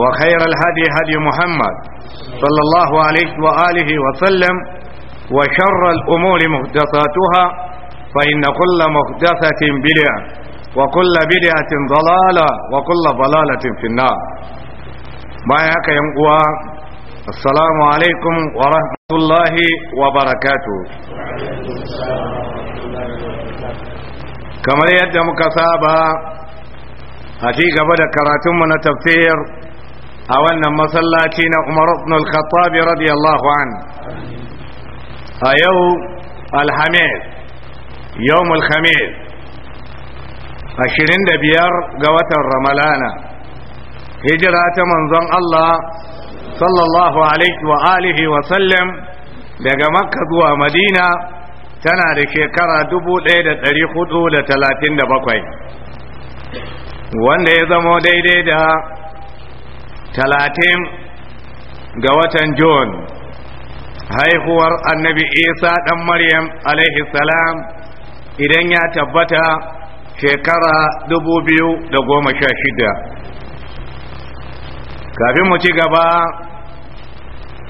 وخير الهدي هدي محمد صلى الله عليه وآله وسلم وشر الأمور محدثاتها فإن كل محدثة بدعة وكل بدعة ضلالة وكل ضلالة في النار ما ياك ينقوى السلام عليكم ورحمة الله وبركاته كما يدى مكسابة a ci gaba da karatunmu na tafsir a wannan masallaci na Umar ibn al-Khattab radiyallahu an a yau alhamis yawmul khamis 25 ga watan ramalana hijira ta manzon Allah sallallahu alaihi wa alihi wa sallam daga makka zuwa madina tana da shekara 1437 wanda ya zama daidai da talatin ga watan John haihuwar annabi isa ɗan maryam alaihi salam idan ya tabbata shekara dubu da goma sha shida kafin mu ci gaba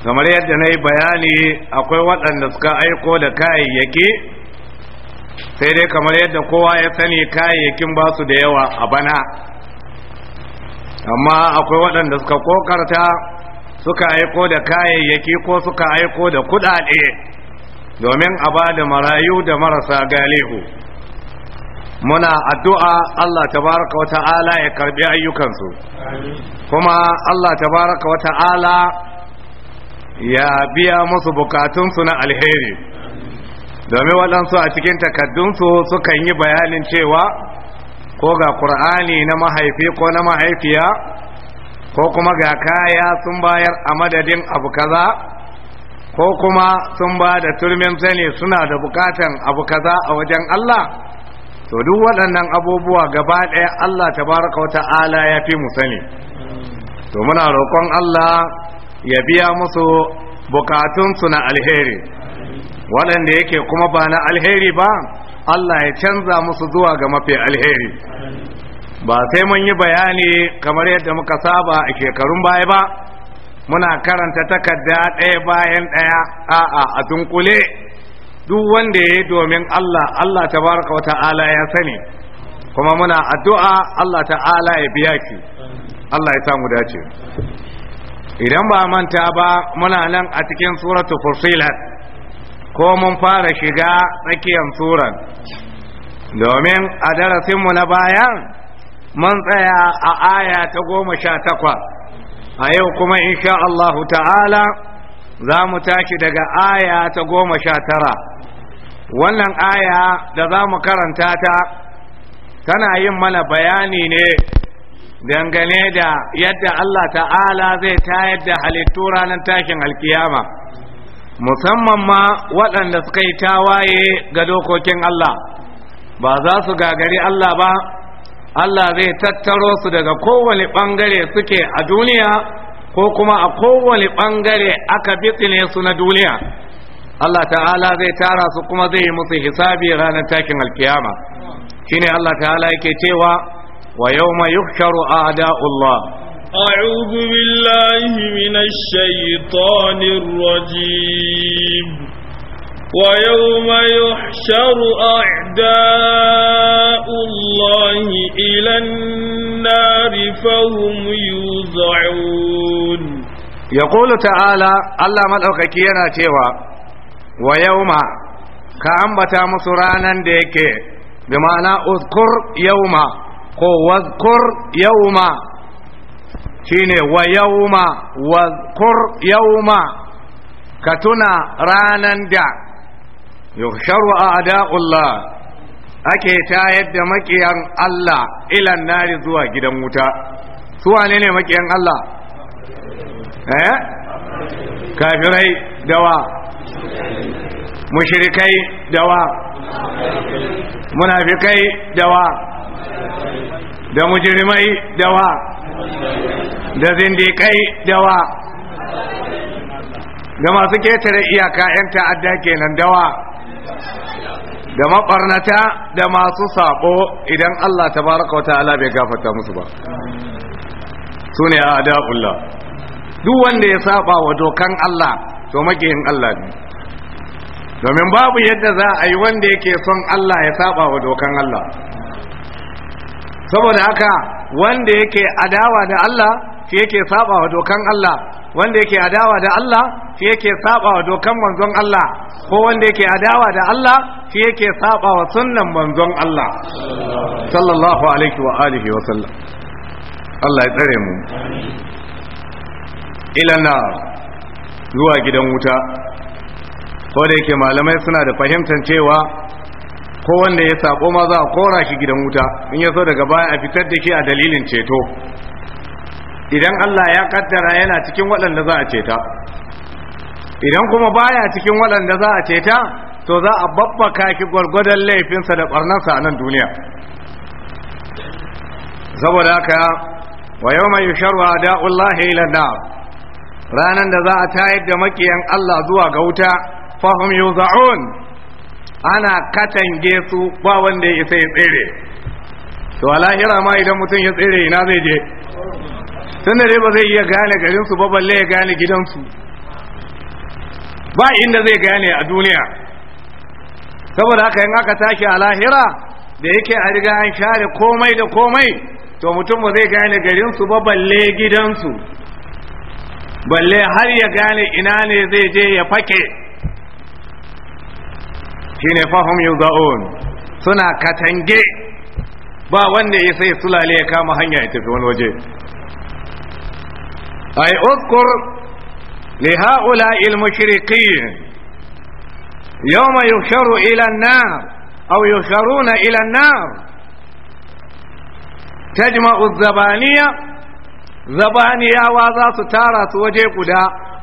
kamar yadda na yi bayani akwai waɗanda suka aiko da kayayyaki sai dai kamar yadda kowa ya sani kayayyakin basu da yawa a bana amma akwai waɗanda suka kokarta suka aiko da kayayyaki ko suka aiko da kuɗaɗe domin a ba da marayu da marasa galihu muna addu'a Allah tabaraka wa ta'ala ya karbi ayyukansu kuma Allah tabaraka wa ta'ala ya biya musu bukatunsu na alheri domin waɗansu a cikin takaddunsu sukan yi bayanin cewa ko ga ƙur'ani na mahaifi ko na mahaifiya ko kuma ga kaya sun bayar a madadin abu kaza ko kuma sun ba da turmin sani suna da bukatan abu kaza a wajen Allah to duk waɗannan abubuwa gaba ɗaya Allah tabaraka wa ta'ala ya fi mu sani to muna roƙon Allah ya biya musu bukatunsu na alheri waɗanda yake kuma ba na alheri ba Allah ya canza musu zuwa ga mafi alheri ba sai mun yi bayani kamar yadda muka saba a shekarun baya ba muna karanta takarda ɗaya bayan ɗaya a'a a dunkule duk wanda ya yi domin Allah Allah tabaraka wata'ala ya sani kuma muna addu'a Allah ta'ala ya biya ki Allah ya samu dace idan ba manta ba muna nan a cikin suratul fusilat ko mun fara shiga tsakiyar suran domin a darasinmu na bayan mun tsaya a aya ta goma sha takwas a yau kuma insha Allah ta'ala za mu tashi daga aya ta goma sha tara wannan aya da za mu karanta ta tana yin mana bayani ne dangane da yadda Allah ta'ala zai tayar da halittu ranar tashin alkiyama musamman ma waɗanda suka yi tawaye ga dokokin Allah ba za su gagari Allah ba Allah zai tattaro su daga kowane ɓangare suke a duniya ko kuma a kowane ɓangare aka bitsine su na duniya Allah ta'ala zai tara su kuma zai yi musu hisabi ranar takin alkiyama shine Allah ta'ala yake cewa wa yawma yuhsharu a'da'ullah أعوذ بالله من الشيطان الرجيم ويوم يحشر أعداء الله إلى النار فهم يوزعون يقول تعالى الله ملعك كينا تيوى ويوم كأنبتا مصرانا ديكي بمعنى اذكر يوما قو واذكر يوما shine wa yawma wa kur yawma ka tuna ranan da yuhsharu a'da'ullah ake tayar yadda makiyan Allah ilan nari zuwa gidan wuta su wane ne makiyan Allah eh kafirai dawa mushrikai dawa munafikai dawa da mujrimai dawa da zindikai dawa da masu ketare iyaka 'yan ta'adda kenan dawa da maɓarnata da masu sako, idan Allah ta baraka wata ala bai gafata musu ba su ne a da'ullah duk wanda ya saba wa dokan Allah to makiyin Allah ne domin babu yadda za a yi wanda yake son Allah ya saba wa dokan Allah saboda haka wanda yake adawa da Allah shi yake saba wa dokan Allah wanda yake adawa da Allah shi yake saba wa dokan manzon Allah ko wanda yake adawa da Allah shi yake saba wa sunnan manzon Allah sallallahu alaihi wa alihi wa sallam Allah ya tsare mu ila na zuwa gidan wuta ko da yake malamai suna da fahimtar cewa ko wanda ya sako ma za a kora shi gidan wuta in ya so daga baya a fitar da shi a dalilin ceto idan Allah ya kaddara yana cikin waɗanda za a ceta idan kuma baya cikin waɗanda za a ceta to za a babbaka ki gwargwadon laifinsa da ɓarnarsa a nan duniya saboda haka wa yau mai yusharwa ila ilanda ranar da za a tayar da makiyan Allah zuwa ga wuta fahim yuza'un ana katange su ba wanda ya isa ya tsere to a lahira ma idan mutum ya tsere ina zai je tun da ba zai iya gane garinsu ba balle ya gane gidansu ba inda zai gane a duniya saboda haka yin aka tashi a lahira da yake a riga an share komai da komai to mutum ba zai gane garinsu ba balle gidansu balle har ya gane ina ne zai je ya fake shine fa hum yuzaun suna katange ba wanda ya sai sulale ya kama hanya ya tafi wani waje ay ukur li haula al mushrikin yawma yusharu ila an-nar aw yusharuna ila an-nar tajma az-zabaniya zabaniya wa za su tara su waje guda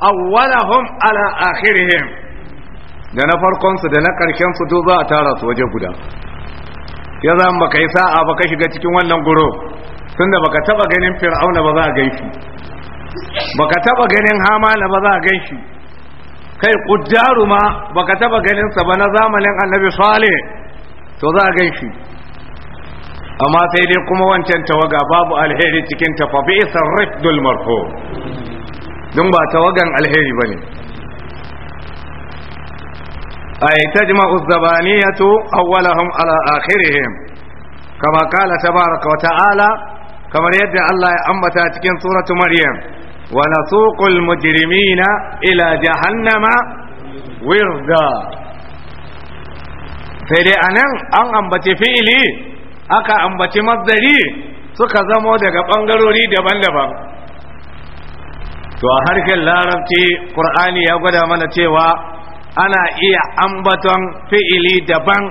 awwalahum ala akhirihim da na farkonsu da na ƙarshensu to za a tara su waje guda ya za baka yi sa'a baka shiga cikin wannan guro tunda baka taba ganin fir'auna ba za a gaishi baka taba ganin hamala ba za a gaishi kai kujjaru ma baka taba ganin sa ba na zamanin annabi salih to za a gaishi amma sai dai kuma wancan tawaga babu alheri cikin tafafi isar rifdul marfu dun ba tawagan alheri bane أي تجمع الزبانية أولهم على آخرهم كما قال تبارك وتعالى كما يدعى الله أنبتا تكين سورة مريم ونسوق المجرمين إلى جهنم وردا sai anan an ambaci fi'ili aka ambaci mazdari suka zamo daga ɓangarori daban-daban to a harshen larabci ƙur'ani ya gwada mana cewa ana iya ambaton fi'ili daban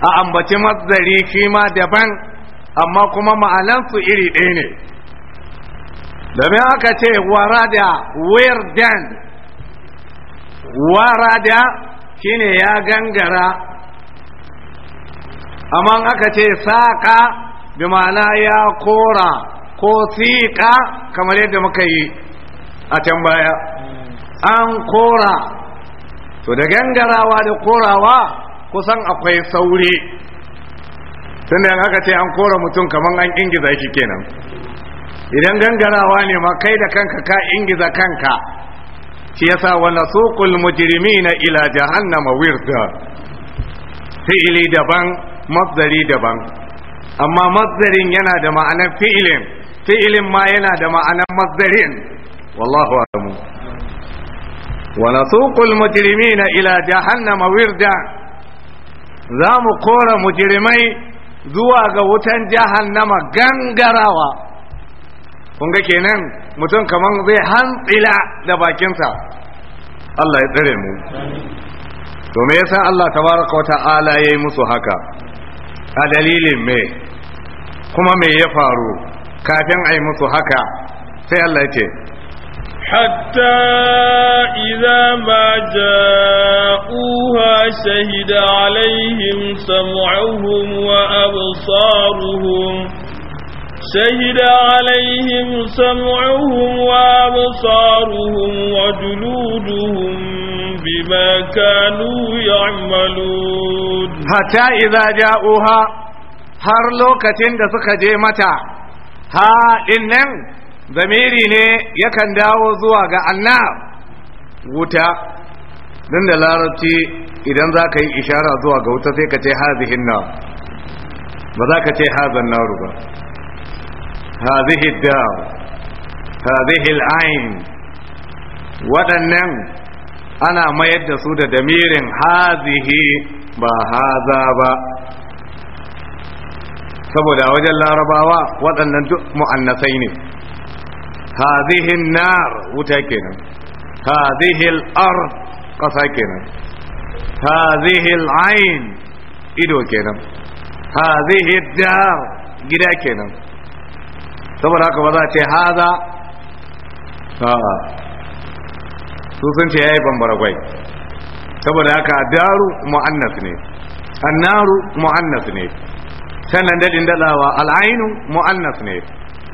a ambaci mazari shi daban amma kuma ma'alansu iri ɗaya ne domin aka ce warada wirdan warada shine ya gangara amma aka ce saƙa bi ma'ana ya kora ko siƙa kamar yadda muka yi a can baya an kora to da gangarawa da korawa kusan akwai sauri tun da aka ce an kora mutum kamar an ingiza shi kenan idan gangarawa ne ma kai da kanka ka ingiza kanka shi yasa sokul mujirimi na ila jahannama wirda fi'ili daban mazari daban amma masdarin yana da ma'anar fi'ilin fi'ilin ma yana da ma'anar mazari. wallahu a'lamu wa nasuqul mujrimina ila jahannama wirda za mu kora mujrimai zuwa ga wutan jahannama gangarawa kun ga kenan mutum kaman zai hantsila da bakinsa Allah ya tsare mu to me yasa Allah tabaraka wata'ala yayi musu haka a dalilin me kuma me ya faru kafin ai musu haka sai Allah ya ce حتى إذا ما جاءوها شهد عليهم سمعهم وأبصارهم شهد عليهم سمعهم وأبصارهم وجلودهم بما كانوا يعملون حتى إذا جاءوها هر لوكتين دسك جيمتا ها إنن zamiri ne yakan dawo zuwa ga annar wuta don da larabci idan za ka yi ishara zuwa ga wuta sai ka ce hazihin na ba za ka ce hazan na ba hazihin da hazihin ayin waɗannan ana mayar da su da damirin hazihi ba haza ba saboda wajen larabawa waɗannan duk mu'annasai ne hadhihi nar wuta kenan hadhihi al-ard qasa kenan hadhihi al-ain ido kenan hadhihi dar gida kenan saboda haka ba za ta haza su sun ce yayi bambara gwai saboda haka daru ne annaru mu'annas al'ainu mu'annas ne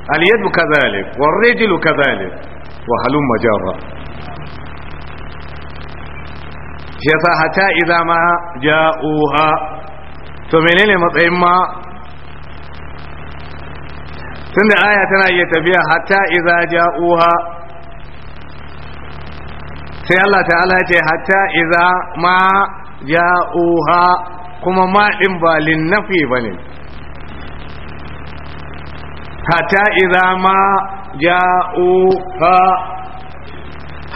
aliyadu kazalik warrijilu kazalik wa halum majarra shi yasa hatta idza ma ja'uha to menene matsayin ma tunda aya tana iya tafiya hatta idza ja'uha sai Allah ta'ala ya ce hatta idza ma ja'uha kuma ma din ba lin nafi bane Hata idza ma ja'uha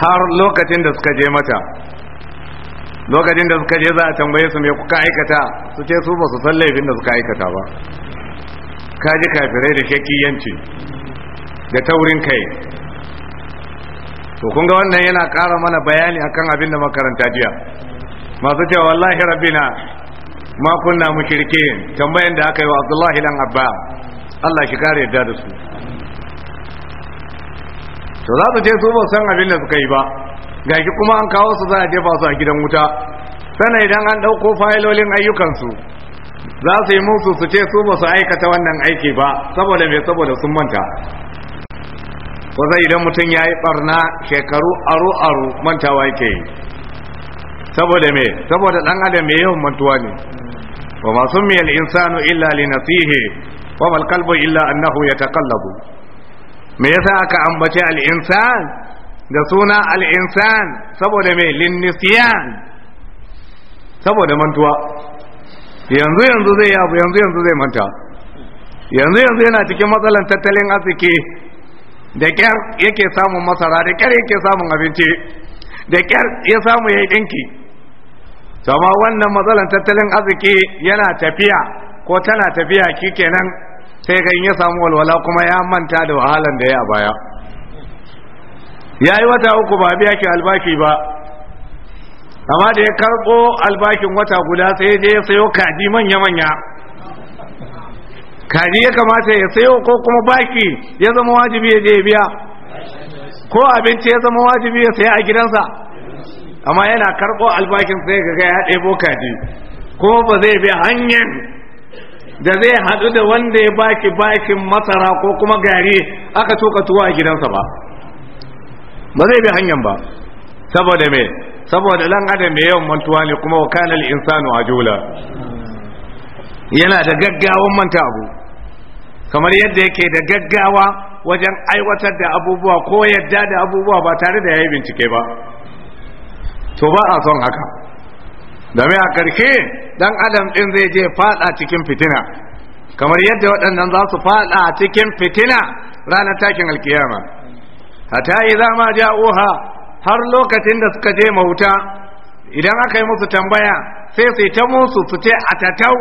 har lokacin da suka je mata lokacin da suka je za a tambaye su me kuka aikata su ce su ba su san laifin da suka aikata ba Ka ji kafirai da shakiyanci da taurin kai to kun ga wannan yana ƙara mana bayani akan abin da makaranta jiya masu cewa wallahi rabbina ma kunna mushrikeen tambayan da aka yi wa Abdullahi dan Abba Allah ki kare yadda da su to za su je su ba san abin da suka yi ba gashi kuma an kawo su za a jefa su a gidan wuta sana idan an ɗauko fayilolin ayyukansu za su yi musu su ce su ba su aikata wannan aiki ba saboda mai saboda sun manta Ko zai idan mutum ya yi barna shekaru aro-aro mantawa yake saboda me saboda ɗan adam mai yawan mantuwa ne wa masu miyar insanu illa li nasihe wa kalbu illa annahu yataqallabu me yasa aka ambace al insan da suna al insan saboda me linnisiyan saboda mantuwa yanzu yanzu zai abu yanzu yanzu zai manta yanzu yanzu yana cikin matsalan tattalin arziki da kyar yake samun masara da kyar yake samun abinci da kyar ya samu ya dinki sama wannan matsalan tattalin arziki yana tafiya ko tana tafiya kenan sai ka ya samu walwala kuma ya manta da wahalan da ya a baya ya yi wata uku ba biya ki albaki ba amma da ya karɓo albakin wata guda sai je ya sayo kaji manya-manya kaji ya kamata ya sayo ko kuma baki ya zama wajibi ya je ya biya ko abinci ya zama wajibi ya saya a gidansa amma yana karɓo albakin sai ga ya ɗebo kaji kuma ba zai biya hanyar da zai haɗu da wanda ya baki bakin masara ko kuma gari aka tuka tuwa a gidansa ba ba zai bi hanyar ba saboda me saboda lan adam mai yawan mantuwa ne kuma wakanar al a jula, yana da gaggawan manta abu kamar yadda yake da gaggawa wajen aiwatar da abubuwa ko yadda da abubuwa ba tare da ya yi bincike ba to ba a son haka domin a ƙarshe dan adam ɗin zai je faɗa cikin fitina kamar yadda waɗannan za su fada cikin fitina ranar takin alkiyama hata idza ma ja'uha har lokacin da suka je mauta idan aka yi musu tambaya sai su ta musu su ce a tatau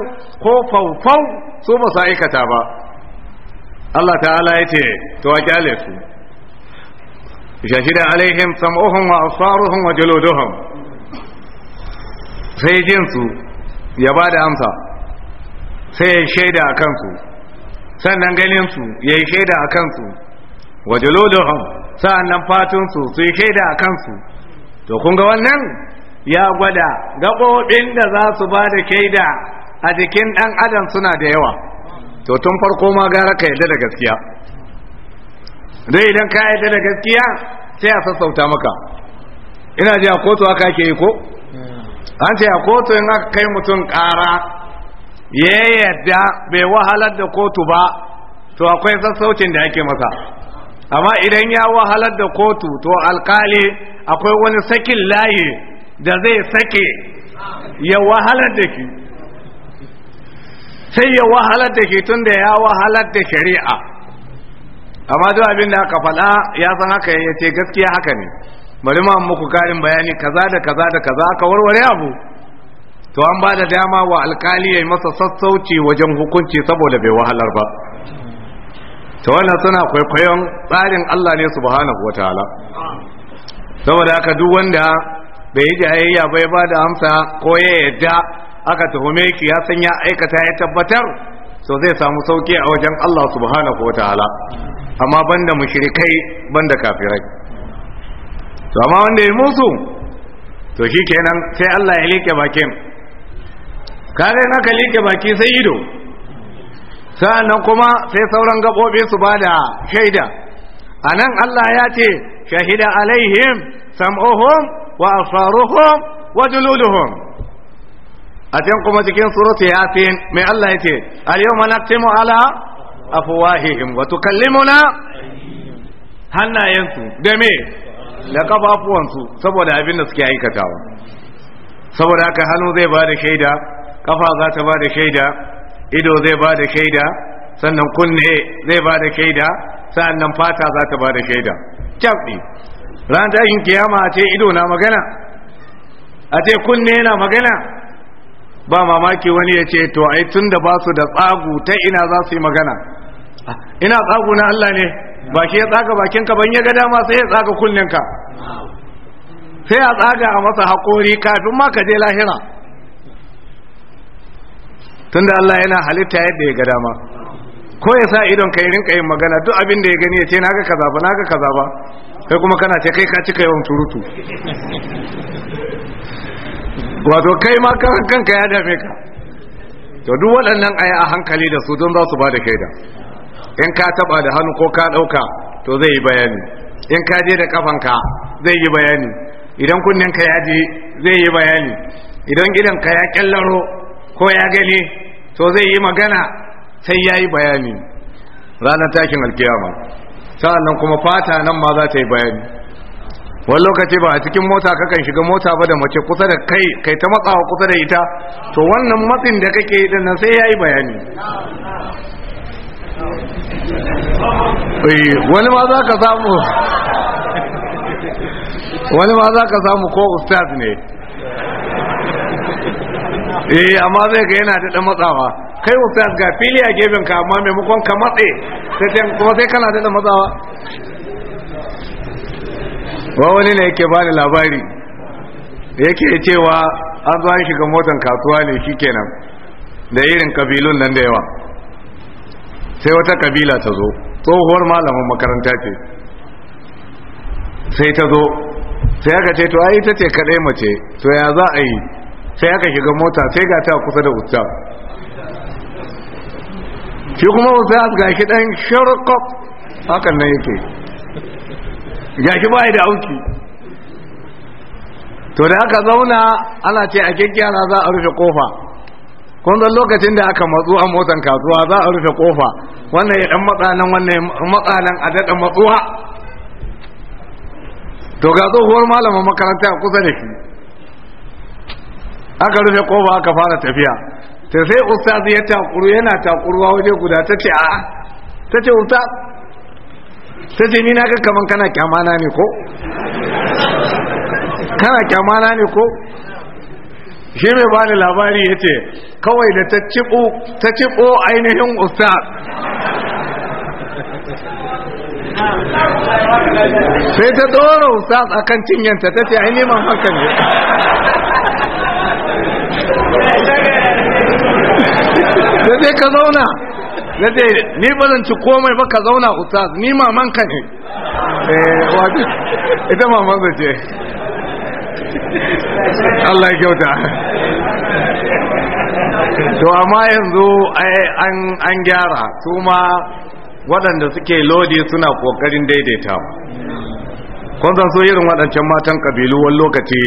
ko faufau su ba su aikata ba Allah ta'ala ya ce to a kyale su shahida alaihim sam'uhum wa absaruhum wa juluduhum sai jin su ya ba da amsa sai ya shaida a kansu sannan ganinsu ya yi shaida a kansu waje wajalolin sa'annan fatunsu su yi shaida a kansu to kun wannan ya gwada gaɓoɓin da za su ba da shaida a jikin ɗan adam suna da yawa to tun farko ma gara ka yadda da gaskiya dai idan ka yadda da gaskiya sai a sassauta maka ina ji a kotu aka ke yi ko an ce a kotu in aka kai mutum ƙara ya yadda bai wahalar da kotu ba to akwai sassaucin da ake masa amma idan ya wahalar da kotu to alkali akwai wani sakin layi da zai sake ya wahalar da ke. sai ya wahalar da ke tun da ya wahalar da shari'a amma duk abin da aka faɗa ya san haka ya ce gaskiya haka ne bari ma muku karin bayani kaza da kaza da kaza ka warware abu to an ba da dama wa alkali ya yi masa sassauci wajen hukunci saboda bai wahalar ba ta wannan suna kwaikwayon tsarin Allah ne subhanahu wataala saboda haka duk wanda bai yi jayayya ba ya bada amsa ko ya yadda aka tuhume ki ya san ya aikata ya tabbatar so zai samu sauki a wajen Allah subhanahu wataala amma banda mushrikai banda kafirai to amma wanda ya musu to shi kenan sai Allah ya liƙe bakin kare na ka liƙe baki sai ido sa'annan kuma sai sauran gaɓoɓi su ba shaida a nan Allah ya ce shahida alaihim sam'uhum wa asaruhum wa juluduhum a can kuma cikin suratu yasin mai Allah ya ce al-yawma naktimu ala afwahihim wa tukallimuna hannayensu da me da kafafuwansu saboda abin da suke aikatawa saboda haka hannu zai ba da shaida kafa za ta ba da shaida ido zai ba da shaida sannan kunne zai ba da shaida sannan fata za ta ba da shaida cabɗi ran yin kiyama a ce ido na magana a ce kunne na magana ba mamaki wani ya ce to ai tun da ba su da tsagu ta ina za su yi magana ah, ina tsagu na Allah ne ba ke ya tsaga bakinka ban ya ga dama sai ya tsaga ka sai a tsaga a masa haƙori kafin ma ka je lahira tunda Allah yana halitta yadda ya ga dama ko ya sa idon ka yi rinka yin magana duk abin da ya gani ya ce naga kaza ba naga kaza ba kai kuma kana ce kai ka cika yawan turutu. wato kai ma kanka ya dame ka to duk waɗannan aya a hankali da su don za su ba da kaida in ka taba da hannu ko ka dauka to zai yi bayani in ka je da kafanka zai yi bayani idan kunnen ka yaje zai yi bayani idan ka ya kyallaro ko ya gani to zai yi magana sai ya yi bayani ranar takin alkiyama sa'annan kuma fata nan ma za ta yi bayani wani lokaci ba a cikin mota kakan shiga mota ba da mace kusa da kai kai ta matsawa kusa da ita to wannan matsin da kake yi nan sai ya yi bayani Eh, wani ma za ka samu wani ma za ka samu ko ustaz ne eh amma zai ga yana da matsawa kai ustaz ga fili a gefen ka amma maimakon ka matse kuma sai kana da matsawa wa wani ne yake bani labari yake cewa an zo an shiga motan kasuwa ne shikenan da irin kabilun nan da yawa sai wata kabila ta zo tsohuwar malamin makaranta ce sai ta zo sai aka ce to ai ta ce kadai mace to ya za a yi sai aka shiga mota sai ga ta kusa da ustaz shi kuma ustaz ga shi dan sharqaq hakan nan yake ga shi bai da auki to da aka zauna ana ce a kyakkyara za a rufe kofa kun zan lokacin da aka matsu a motan kasuwa za a rufe kofa wannan ya dan nan wannan matsanan a daɗa matsuwa to ga tsohuwar malamin makaranta kusa da ki aka rufe kofa aka fara tafiya ta sai ustaz ya takuru yana takuruwa waje guda ta ce a'a ta ce ustaz ta ce ni na ga kaman kana kyamana ne ko kana kyamana ne ko shi mai bani labari ya ce kawai da ta ciɓo ainihin ustaz sai ta ɗora ustaz a kan cinyanta ta ce ainihin hankan ne da zai ka zauna da ce ni ba ci komai ba ka zauna ustaz ni mamanka ne eh, ita mamanka ce Allah ya kyauta to amma yanzu an gyara su waɗanda suke lodi suna ƙoƙarin daidaita kun san so irin waɗancan matan ƙabilu wani lokaci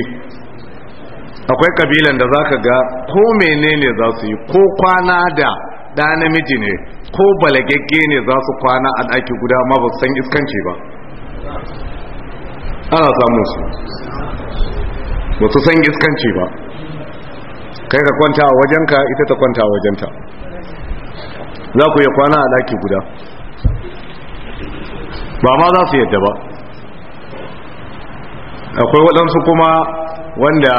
akwai ƙabilan da za ka ga ko menene za su yi ko kwana da ɗa namiji ne ko balagagge ne za su kwana a ɗaki guda ma ba su san iskanci ba ana samun su ba su san iskanci ba kai ka kwanta a wajenka ita ta kwanta a wajenta za ku yi kwana a daki guda ba ma za su yadda ba akwai waɗansu kuma wanda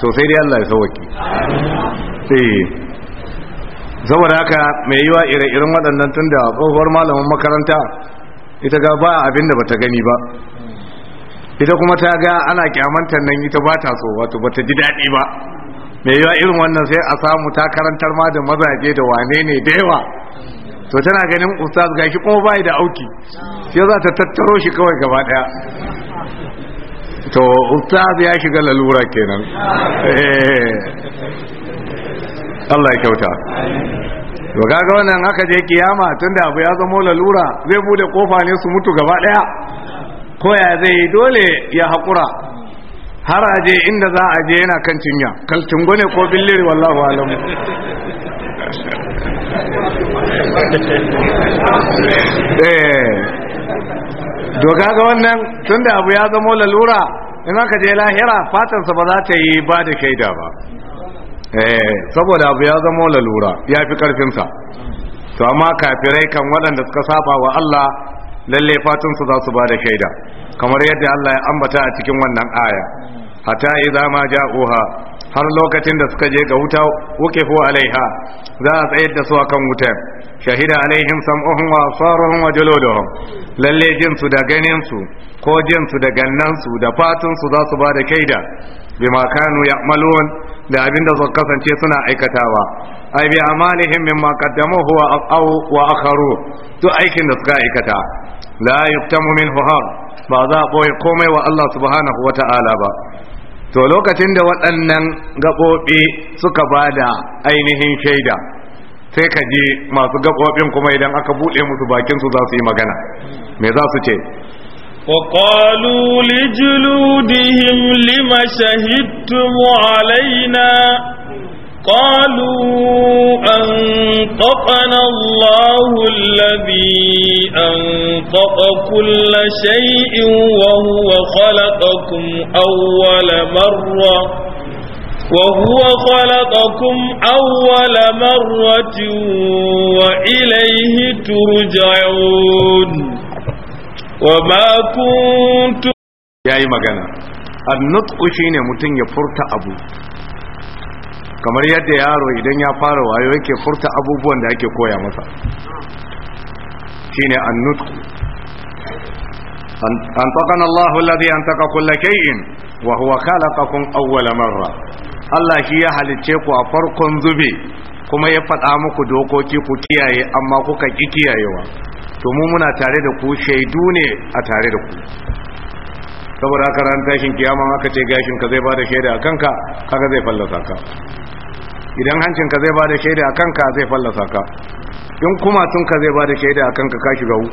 sosai da yalla ya sauwaki eh. saboda haka mai yiwa ire-iren waɗannan tun da tsohuwar malamin makaranta ita ga ba abin da ba ta gani ba ita kuma ta ga ana kyamantar nan ita ba ta so wato ba ta ji daɗi ba mai yawa irin wannan sai a samu ta karantar ma da mazaje da wane ne da yawa to tana ganin ustaz gashi kuma bai da auki sai za ta tattaro shi kawai gaba daya to ustaz ya shiga lalura kenan eh. Allah ya kyauta to kaga wannan haka je kiyama tunda abu ya zama lalura zai bude kofa ne su mutu gaba daya koya zai dole ya hakura har aje je inda za a je yana kan cinya kalcin ne ko billiri wallahu alamu doka eh. ga wannan tun da abu ya zamo lalura in aka je lahira fatansa ba za ta yi ba da kaida ba eh, saboda abu ya zamo lalura ya fi karfinsa to amma kafirai kan waɗanda suka saba wa Allah lalle fatan su za su ba da shaida kamar yadda Allah ya ambata a cikin wannan aya hatta idza ma ja'uha har lokacin da suka je ga wuta wuqifu alaiha za a tsayar da su akan wuta shahida alaihim sam'uhum wa absaruhum wa juluduhum lalle jin su da ganin su ko jin su da gannan su da fatan su za su ba da kaida bima kanu ya'malun da abinda su kasance suna aikatawa ai bi amalihim mimma qaddamuhu wa akharu duk aikin da suka aikata la yuktamu minhu har ba za a komai wa Allah subhanahu wata'ala ba to lokacin da waɗannan gaɓoɓi suka ba da ainihin shaida sai ka je masu gaɓoɓin kuma idan aka buɗe musu bakinsu za su yi magana me za su ce وقالوا لجلودهم لما شهدتم علينا قالوا أنطقنا الله الذي أنطق كل شيء وهو خلقكم أول مرة وهو خلقكم أول مرة وإليه ترجعون وما كنتم يا مغانا النطق شيء متن يفرت أبو kamar yadda yaro idan ya fara wayo yake furta abubuwan da ake koya masa shine annutku an taqana Allahu alladhi antaka kulla shay'in wa huwa khalaqakum awwala marra Allah shi ya halice ku a farkon zube kuma ya faɗa muku dokoki ku kiyaye amma kuka ki kiyayewa to mu muna tare da ku shaidu ne a tare da ku saboda haka ran tashin kiyama aka ce gashin ka zai bada shaida a kanka kaga zai fallasa ka idan hancin ka zai bada shaida a kanka zai fallasa ka in kuma tun ka zai bada shaida a kanka ka shiga uku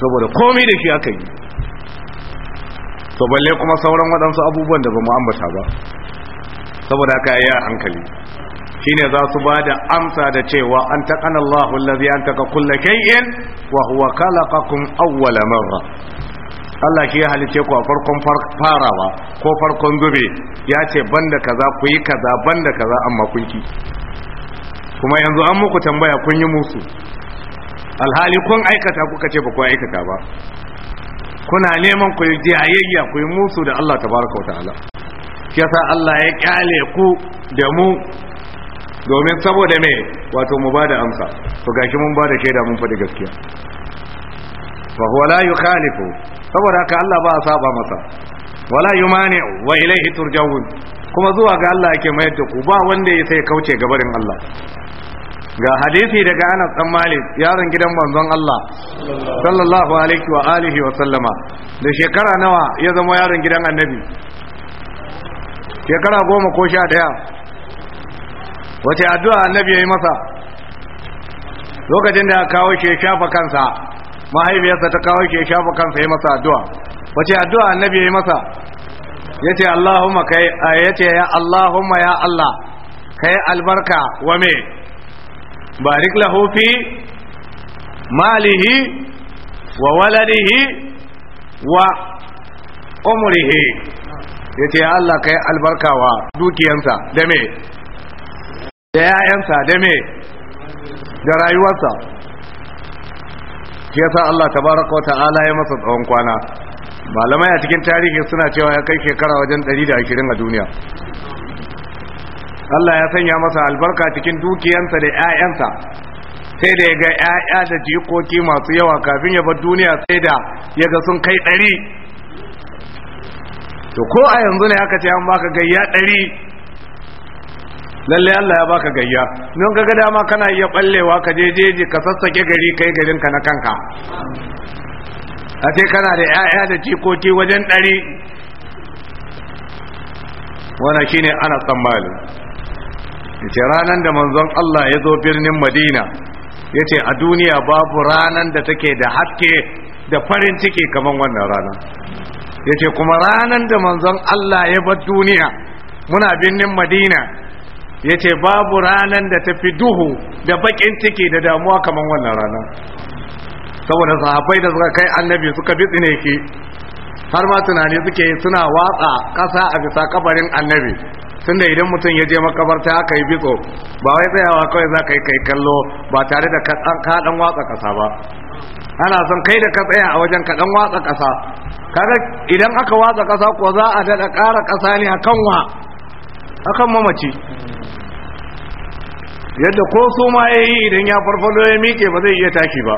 saboda komai da shi aka yi to balle kuma sauran waɗansu abubuwan da ba mu ambata ba saboda haka yi a hankali shine za su ba da amsa da cewa an taƙana Allahu allazi an taka kulle shay'in wa huwa khalaqakum awwala marra Allah shi ya halice ku a farkon farawa ko farkon zube, ya ce ban da kaza ku yi kaza ban da kaza amma kun ki kuma yanzu an muku tambaya kun yi musu alhali kun aikata kuka ce ba ku aikata ba kuna neman ku yi jayayya ku yi musu da Allah tabaraka wa ta'ala kisa Allah ya kyale ku da mu domin saboda me wato mu bada amsa to gashi mun bada shaida mun faɗi gaskiya fa huwa la yukhalifu saboda haka Allah ba a saba masa wala yumani wa ilaihi turja'un kuma zuwa ga Allah yake mayar da ku ba wanda ya sai kauce gabarin Allah ga hadisi daga Anas dan Malik yaron gidan manzon Allah sallallahu alaihi wa alihi wa sallama da shekara nawa ya zama yaron gidan Annabi shekara goma ko sha daya wace addu'a Annabi ya yi masa lokacin da kawo shi ya shafa kansa mahaifiyarsa ta kawo ke shafa kansa ya masa addu'a wace addu'a annabi ya yi masa ya ce Allahumma kai ya ce ya Allahumma ya Allah kai albarka wa me barik lahu fi malihi wa waladihi wa umrihi ya ce ya Allah kai albarka wa dukiyansa da me da 'ya'yansa da me da rayuwarsa shi yasa Allah tabaraka wata'ala ya masa tsawon kwana malamai a cikin tarihi suna cewa ya kai shekara wajen 120 a duniya Allah ya sanya masa albarka cikin dukiyansa da 'ya'yansa sai da ya ga 'ya'ya da jikoki masu yawa kafin ya bar duniya sai da ya ga sun kai ɗari to ko a yanzu ne aka ce an baka gayya ɗari Lallai Allah ya baka gayya don ga dama kana iya ballewa ka je jeje ka sassake gari kai garin ka na kanka a ce kana da 'ya'ya da jikoki wajen ɗari wannan shine ana tsammali ce ranan da manzon Allah ya zo birnin Madina yace a duniya babu ranan da take da haske da farin ciki kaman wannan rana yace kuma ranan da manzon Allah ya bar duniya muna birnin Madina ya ce babu ranar da ta fi duhu da bakin ciki da damuwa kamar wannan rana saboda sahabbai da suka kai annabi suka bi tsine har ma tunani suke suna watsa kasa a bisa kabarin annabi tunda idan mutum ya je makabarta aka yi bitso ba wai tsayawa kawai za ka yi kai kallo ba tare da ka dan watsa ƙasa ba ana son kai da ka tsaya a wajen ka dan watsa ƙasa kaga idan aka watsa kasa ko za a daɗa ƙara ƙasa ne a kanwa akan mamaci yadda ko su ma ya yi idan ya farfado ya miƙe ba zai iya tashi ba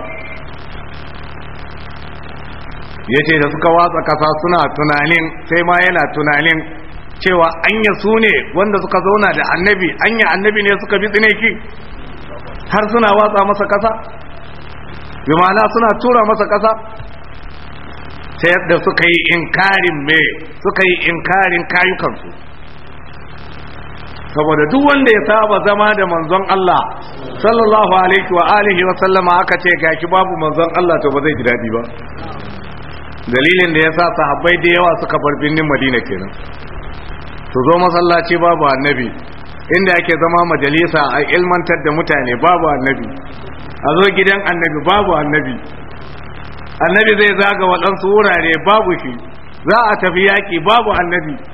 ya ce da suka watsa kasa suna tunanin sai ma yana tunanin cewa anya su ne wanda suka zauna da annabi anya annabi ne suka bi tsinaki har suna watsa masa kasa bi ma'ana suna tura masa kasa sai yadda suka yi inkarin me suka yi inkarin kayukansu saboda duk wanda ya saba zama da manzon Allah sallallahu alaihi wa alihi wa sallama aka ce gaki babu manzon Allah to ba zai ji dadi ba dalilin da yasa sahabbai da yawa suka bar binnin Madina kenan to zo masallaci babu annabi inda yake zama majalisa a ilmantar da mutane babu annabi a zo gidan annabi babu annabi annabi zai zaga waɗansu wurare babu shi za a tafi yaƙi babu annabi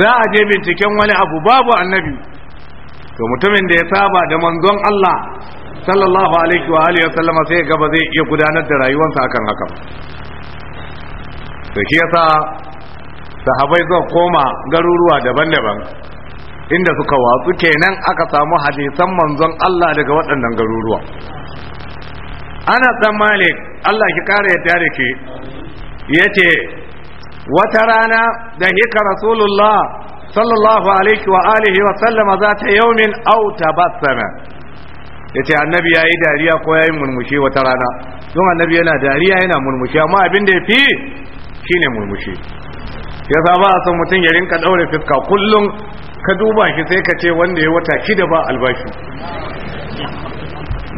za a je binciken wani abu babu annabi to mutumin da ya saba da manzon Allah sallallahu alaihi wa alihi wasallama sai ga ba zai iya gudanar da rayuwarsa akan haka to shi yasa sahabai zan koma garuruwa daban-daban inda suka watsu kenan aka samu hadisan manzon Allah daga waɗannan garuruwa ana san malik Allah ki kare ya tare ki yace wata rana da hika rasulullah sallallahu alaihi wa alihi wa sallama za ta yaumin au Ya yace annabi yayi dariya ko yayi murmushi wata rana don annabi yana dariya yana murmushi amma abin da yafi shine murmushi ya sa ba a son mutum ya rinka ɗaure fiska kullum ka duba shi sai ka ce wanda ya wata shida ba albashi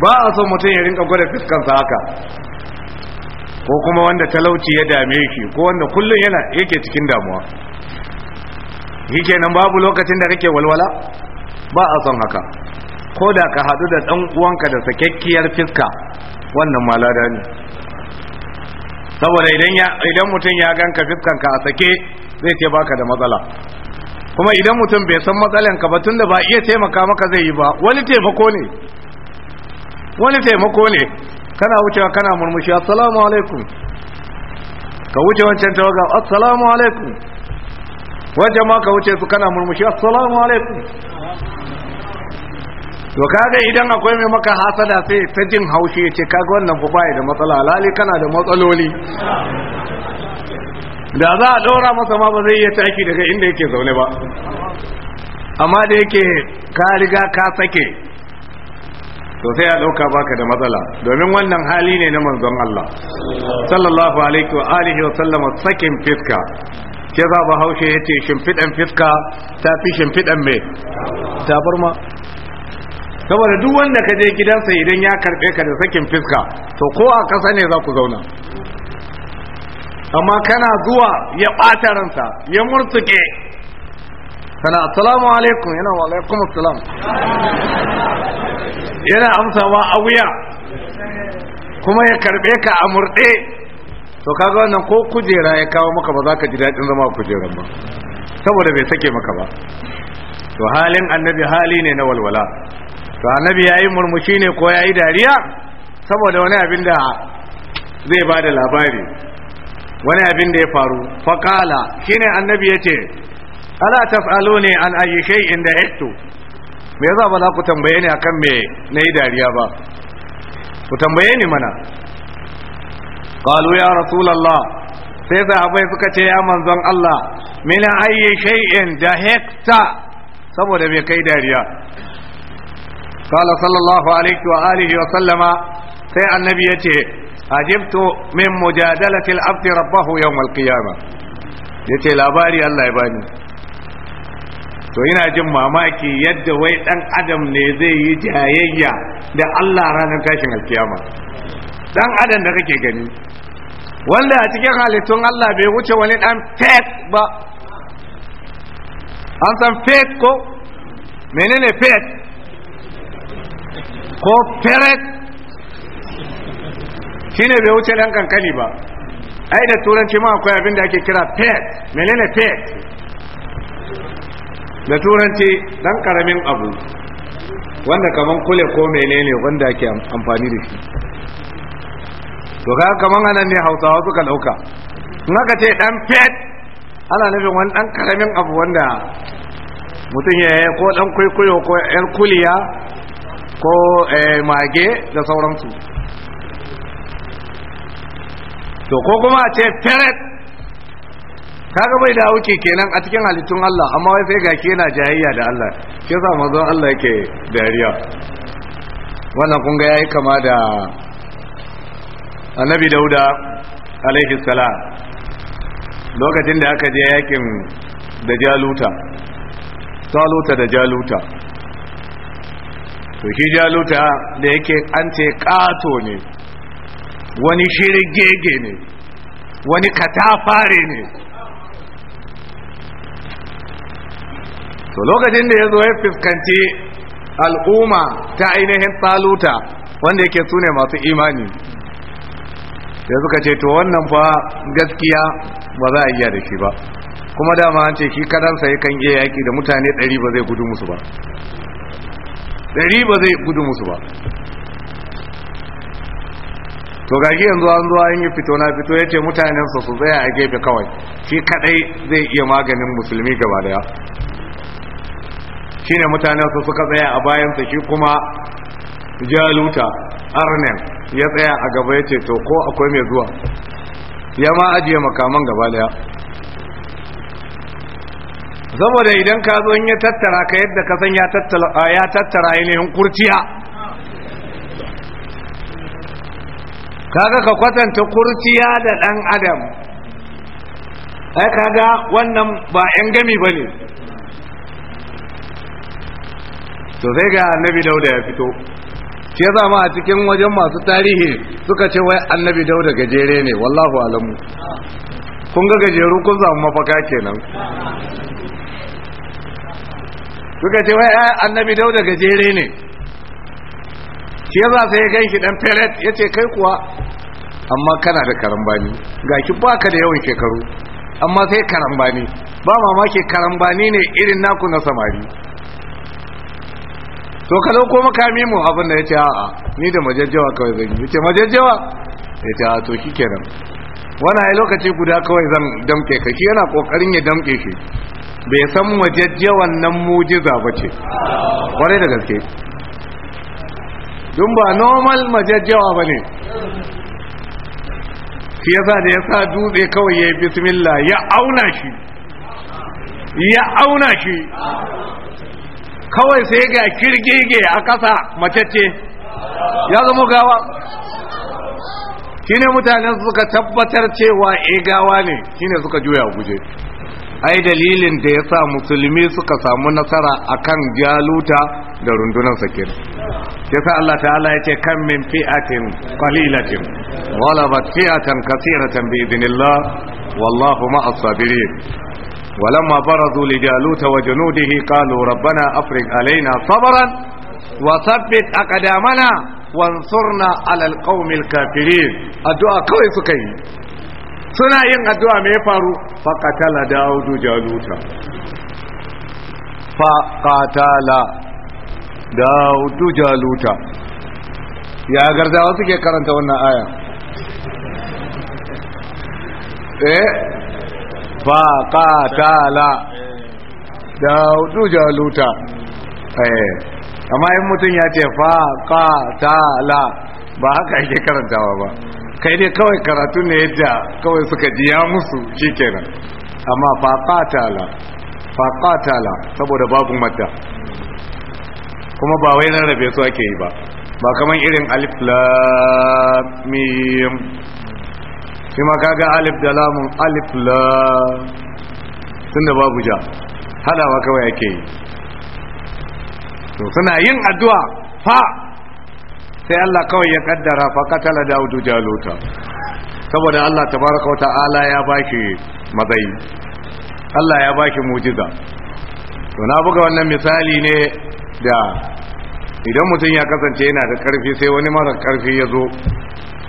ba a son mutum ya rinka gwada fiskansa haka ko kuma wanda talauci ya dame shi ko wanda kullum yana yake cikin damuwa yake nan babu lokacin da kake walwala ba a son haka ko da ka hadu da dan uwanka da sakekkiyar fiska wannan malada ne saboda idan idan mutum ya ganka fiskanka a sake zai ce baka da matsala kuma idan mutum bai san matsalanka ba tunda ba iya taimaka maka zai yi ba wani taimako ne wani taimako ne kana wucewa kana murmushi assalamu alaikum ka wuce wancan tawaga assalamu alaikum wajen ma ka wuce su kana murmushi assalamu alaikum to kaga idan akwai mai maka hasada sai ta jin haushi ya ce kaga wannan ku bai da matsala lali kana da matsaloli da za a dora masa ma ba zai iya taki daga inda yake zaune ba amma da yake ka riga ka sake to sai a dauka baka da matsala domin wannan hali ne na manzon Allah sallallahu alaihi wa alihi wa sallam sakin fiska ke za ba haushe yace shimfidan fiska ta fi shimfidan me barma saboda duk wanda ka je gidansa idan ya karbe ka da sakin fiska to ko a kasa ne za ku zauna amma kana zuwa ya ɓata ransa ya murtuke sana assalamu alaikum yana wa alaikum assalam yana amsawa a wuya kuma ya karbe ka a murɗe to kaga wannan ko kujera ya kawo maka ba za ka ji daɗin zama a kujeran ba saboda bai sake maka ba to halin annabi hali ne na walwala to annabi ya yi murmushi ne ko ya yi dariya saboda wani abin da zai ba da labari wani abin da ya faru faƙala shine annabi ya ce ala ne an ayi in da hittu me yasa ba za ku tambaye ni akan me nayi dariya ba ku tambaye ni mana qalu ya rasulullah sai abai suka ce ya manzon Allah min ayi in da hitta saboda me kai dariya qala sallallahu alaihi wa alihi wa sallama sai annabi yace ajibtu min mujadalati al-abd rabbahu yawm al-qiyamah yace labari Allah ya bani to ina jin mamaki yadda wai dan adam ne zai yi jayayya da Allah ranar tashin alkiyama dan adam da kake gani wanda a cikin halittun Allah bai wuce wani dan fet ba an san fet ko menene fet ko feret shine bai wuce dan kankani ba ai da turanci ma akwai abin da ake kira pet menene pet da turanci dan karamin abu wanda kaman kule ko menene wanda ke amfani da shi to kamar kaman anan ne hausawa suka dauka in aka ce dan fet ana nufin wani dan karamin abu wanda mutum ya yi ko dan kwaikwayo ko yan kuliya ko eh, mage da sauransu to ko kuma a ce ferret kaga bai da wuce kenan a cikin halittun Allah amma wai sai gaki yana jayayya da Allah ke yasa manzon Allah yake dariya wannan kun ga yayi kama da Annabi Dauda alaihi salam lokacin da aka je yakin da Jaluta Taluta da Jaluta to shi Jaluta da yake an ce kato ne wani shirgege ne wani katafare ne to lokacin da ya zo ya fuskanci al'umma ta ainihin taluta wanda yake su ne masu imani ya suka ce to wannan ba gaskiya ba za a iya da shi ba kuma dama an ce shi kadansa kan iya yaki da mutane ɗari ba zai gudu musu ba ɗari ba zai gudu musu ba to gage yanzu an zuwa an yi fito na fito ya ce mutanensa su zai a gefe kawai shi kadai zai iya maganin musulmi gaba daya shine mutanen su suka tsaya a bayan sa shi kuma jaluta arnen ya tsaya a gaba yace to ko akwai mai zuwa ya ma ajiye makaman gaba daya saboda idan ka zo ya tattara ka yadda ka san ya tattara ya tattara ainihin kurciya kaga ka kwatanta kurciya da dan adam ai kaga wannan ba yan gami bane to sai ga annabi dauda ya fito shi ya zama a cikin wajen masu tarihi suka ce wai annabi dauda gajere ne wallahu alamu kun ga gajeru kun samu mafaka kenan suka ce wai ah, annabi dauda gajere ne shi ya za sai ya gan shi dan feret ya ce kai kuwa amma kana da karambani ga ki baka da yawan shekaru amma sai karambani ba mamaki karambani ne irin naku na samari to ka ko makami mu abin da ce a'a ni da majajjawa kawai zan yi ce majajjawa ce a to kenan, wani ai lokaci guda kawai zan damke ka shi yana kokarin ya damke shi bai san majajjawan nan mujiza ce, kwarai da gaske dun ba normal majajjawa ne shi yasa da ya sa dutse kawai ya yi bismillah ya auna shi ya auna shi kawai sai ga kirgige a ƙasa macece ya zama gawa shine mutanen suka tabbatar cewa e gawa ne shine suka juya guje ai dalilin da ya sa musulmi suka samu nasara akan jaluta da rundunar sakin ya sa Allah ta'ala ya ce kan min fi'atin qalilatin ghalabat fi'atan kathiratan bi idnillah wallahu ma'as sabirin ولما برزوا لجالوت وجنوده قالوا ربنا أفرغ علينا صبرا وثبت أقدامنا وانصرنا على القوم الكافرين الدعاء كوي سكي سنا ين الدعاء ميفارو فقتل داود جالوت فقتل داود جالوت يا غرزاوة سكي كرنت ونا آية eh faƙatala eh. da hutu jaluta eh. amma yin mutum ya ce faƙatala ba haka yake karantawa ba kai dai kawai karatu ne yadda kawai suka ji ya musu Amma fa amma faƙatala faƙatala saboda babu madda kuma ba wai rarrabe su ake yi ba ba kamar irin alif lamim shi ma kaga alif da lamun alif la tunda babu ja hadawa kawai yake yi to suna yin addu'a fa sai Allah kawai ya kaddara fa katala daudu jaluta saboda Allah tabaraka ta'ala ya baki matsayi Allah ya baki mujiza to na buga wannan misali ne da idan mutum ya kasance yana da karfi sai wani mara karfi ya zo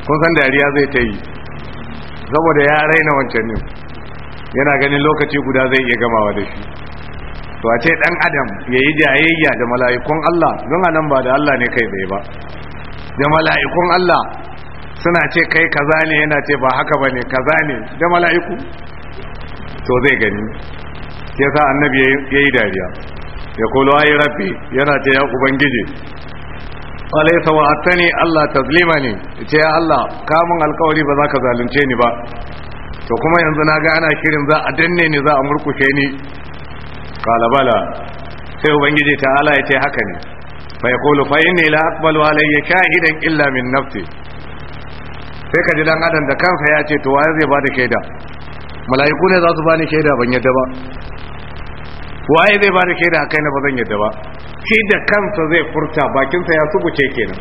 kun san dariya zai ta yi saboda ya raina wancan ne yana ganin lokaci guda zai iya gamawa da shi to a ce dan adam ya yi jayayya da mala'ikun Allah don anan ba da Allah ne kai bai ba da mala'ikun Allah suna ce kai kaza ne yana ce ba haka ba ne kaza ne da mala'iku to zai gani sai sa annabi ya yi dariya ya kolo ayi rabbi yana ce ya ubangiji alaysa wa atani Allah tazlima ne ce ya Allah ka mun alkawari ba za ka zalunce ni ba to kuma yanzu na ga ana kirin za a danne ni za a murkushe ni qala bala sai ubangiji ala ya ce haka ne fa yaqulu fa inni la aqbalu alayya shahidan illa min nafsi sai ka ji dan adam da kansa ya ce to waye zai bada shaida mala'iku ne za su bani shaida ban yadda ba waye zai bada shaida kai na ba zan yadda ba shi da kansa zai furta bakinsa ya subuce kenan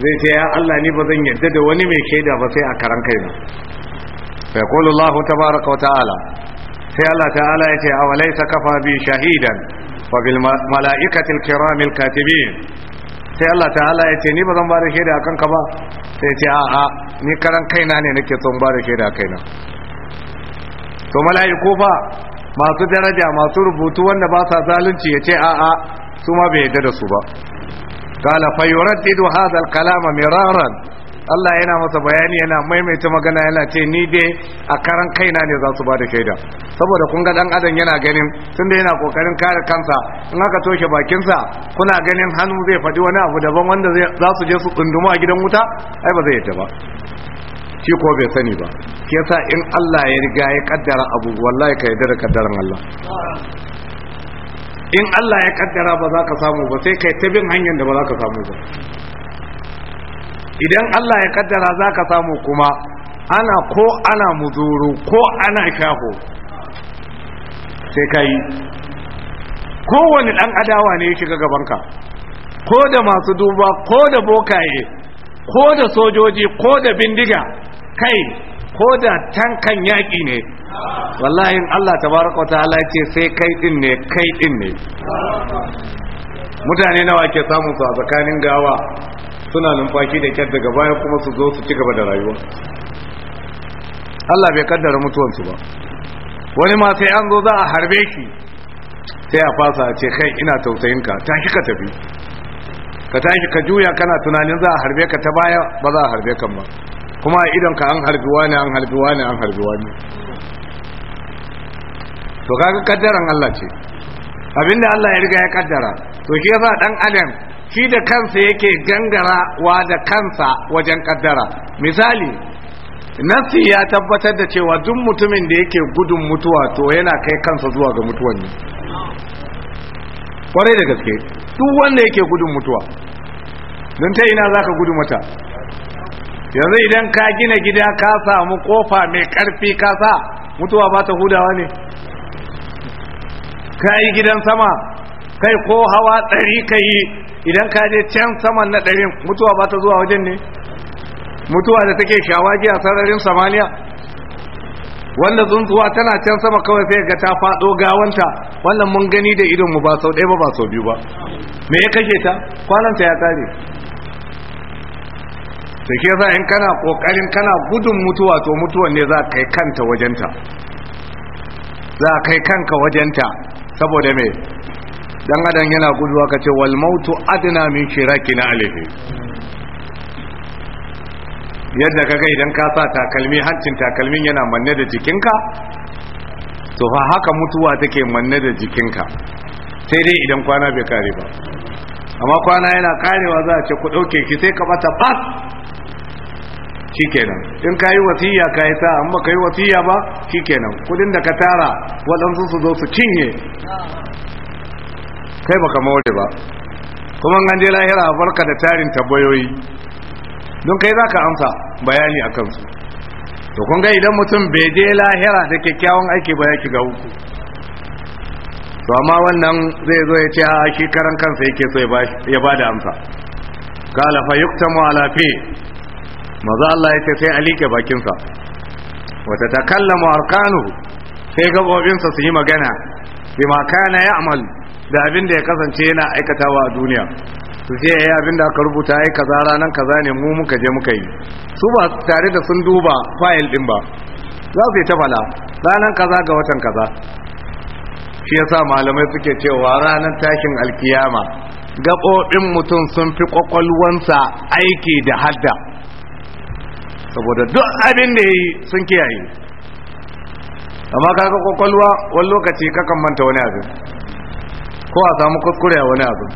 zai ce ya Allah ni ba zan yarda da wani mai shaida ba sai a karan kaina fa yaqulu Allah tabaaraka wa ta'ala sai Allah ta'ala ya ce laysa kafa bi shahidan wa bil mala'ikati al kiram al katibin sai Allah ta'ala ya ni ba zan shaida akan ka ba sai ce a a ni karan kaina ne nake son bada shaida kaina to mala'iku fa masu daraja masu rubutu wanda ba sa zalunci ya ce a'a su ma bai yadda da su ba kala fayuraddidu hadha al-kalama miraran Allah yana masa bayani yana maimaita magana yana ce ni dai a karan kaina ne za su ba da shaida saboda kun ga dan adam yana ganin tunda yana kokarin kare kansa in aka toshe bakinsa kuna ganin hannu zai faɗi wani abu daban wanda za su je su tsunduma a gidan wuta ai ba zai yadda ba shi ko bai sani ba shi yasa in Allah ya riga ya kaddara abu wallahi ka yarda da kaddaran Allah in Allah ya kaddara ba za ka samu ba sai kai ta bin hanyar da ba za ka samu ba idan Allah ya kaddara za ka samu kuma ana ko ana muzuru ko ana shaho sai ka yi kowane ɗan adawa ne ya shiga gabanka ko da masu duba ko da bokaye ko da sojoji ko da bindiga kai ko da tankan yaki ne wallahi Allah tabaraka ta'ala ce sai kai din ne kai din ne mutane nawa ke samun su a tsakanin gawa suna numfashi da kyar daga baya kuma su zo su ci gaba da rayuwa Allah bai kaddara mutuwansu ba wani ma sai an zo za a harbe shi. sai a fasa a ce kai ina tausayin ka tashi ka tafi ka tashi ka juya kana tunanin za a harbe ka ta baya ba za a harbe kan ba kuma a idonka an harbi wani an harbi wani an harbi wani to kaga kaddaran Allah ce abinda Allah ya riga ya kaddara to shi yasa dan adam shi da kansa yake gangarawa da kansa wajen kaddara misali nasi ya tabbatar da cewa duk mutumin da yake gudun mutuwa to yana kai kansa zuwa ga mutuwan ne kwarai da gaske duk wanda yake gudun mutuwa don ta ina za ka gudu mata yanzu idan ka gina gida ka samu kofa mai karfi ka sa mutuwa ba ta hudawa ne ka yi gidan sama kai ko hawa ɗari ka yi idan ka je can saman na ɗarin mutuwa ba ta zuwa wajen ne mutuwa da take shawagi a sararin samaniya wanda tsuntsuwa tana can sama kawai sai ga ta faɗo gawanta wannan mun gani da idonmu ba sau ɗaya ba ba sau biyu ba me ya kake ta kwananta ya kare ta ke za in kana kokarin kana gudun mutuwa to mutuwan ne za kai kanta wajenta za kai kanka wajenta saboda me dan adam yana guduwa kace wal mautu adna min na alayhi yadda ka ga idan ka sa takalmi hancin takalmin yana manne da jikinka to fa haka mutuwa take manne da jikinka sai dai idan kwana bai kare ba amma kwana yana karewa za a ce ku ɗauke ki sai ka bata fas shikenan in ka yi wasiya ka yi ta amma ka yi wasiya ba shikenan kudin da ka tara waɗansu su zo su cinye kai baka maure ba kuma an je lahira a barka da tarin tabbayoyi don kai za ka amsa bayani a kansu to kun ga idan mutum bai je lahira da kyakkyawan aiki ba ya ga uku to amma wannan zai zo ya ce a shi karan kansa yake so ya bada amsa kala fa yuktamu ala fi maza Allah ya ce sai a liƙe bakinsa wata ta kallama arkanu sai gabobinsa su yi magana ma kana ya amal da abin da ya kasance yana aikatawa a duniya su ce ya eh, abin da aka rubuta ya kaza ranar kaza ne mu muka je muka yi su ba tare da sun duba fayil ɗin ba za su yi ta fala ranar kaza ga watan kaza shi yasa malamai suke cewa ranar tashin alkiyama gaɓoɓin mutum sun fi ƙwaƙwalwansa aiki da hadda saboda duk abin da ya yi sun kiyaye amma kaga kwakwalwa wani lokaci kakan manta wani abin ko a samu kuskure wani abin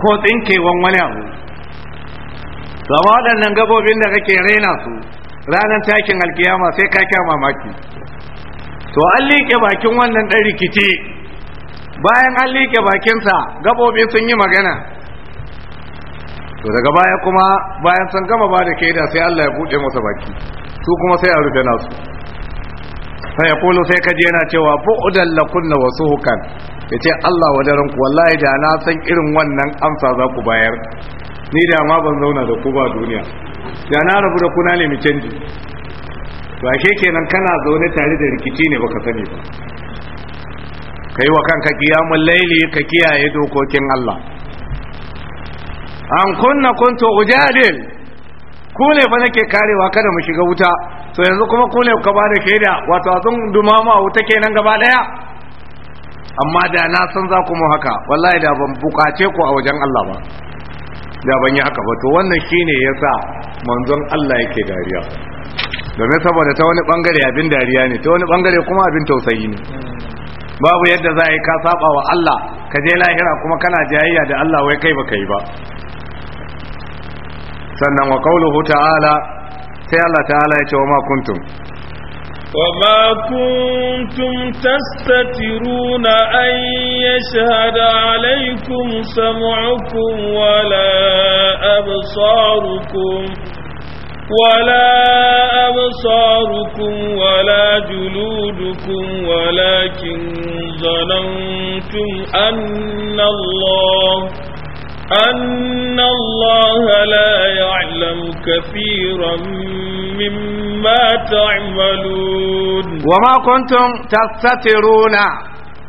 ko tsinkewan wani abu zama waɗannan gabobin da kake raina su ranar takin alkiyama sai ka kya mamaki to an liƙe bakin wannan ɗan rikici bayan an liƙe bakinsa gabobi sun yi magana to daga baya kuma bayan san gama ba da kaida sai Allah ya buɗe masa baki su kuma sai a rufe nasu sai ya kulu sai kaji yana cewa bu'udan lakunna wasu hukan ya ce Allah wa daren ku wallahi da na san irin wannan amsa za ku bayar ni da ma ban zauna da ku ba duniya da na rabu da kuna ne mu canji ba ke kenan kana zaune tare da rikici ne baka sani ba kai wa kanka kiyamul laili ka kiyaye dokokin Allah an kunna kunto ujadil ku ne fa nake karewa kada mu shiga wuta to yanzu kuma ku ne ka bada kaida wato a tun dumama wuta kenan gaba daya amma da na san za ku mu haka wallahi da ban bukace ku a wajen Allah ba da ban yi haka ba to wannan shine yasa manzon Allah yake dariya domin saboda ta wani bangare abin dariya ne ta wani bangare kuma abin tausayi ne babu yadda za a yi ka saba wa Allah ka je lahira kuma kana jayayya da Allah wai kai baka yi ba sannan wa kauluhu ta'ala sai Allah ta'ala ya ce wa ma kuntum wa ma kuntum tastatiruna an yashhada alaykum sam'ukum wa la absarukum ولا أبصاركم ولا جلودكم ولكن ظننتم أن الله أن الله لا يعلم كثيرا مما تعملون وما كنتم تستترون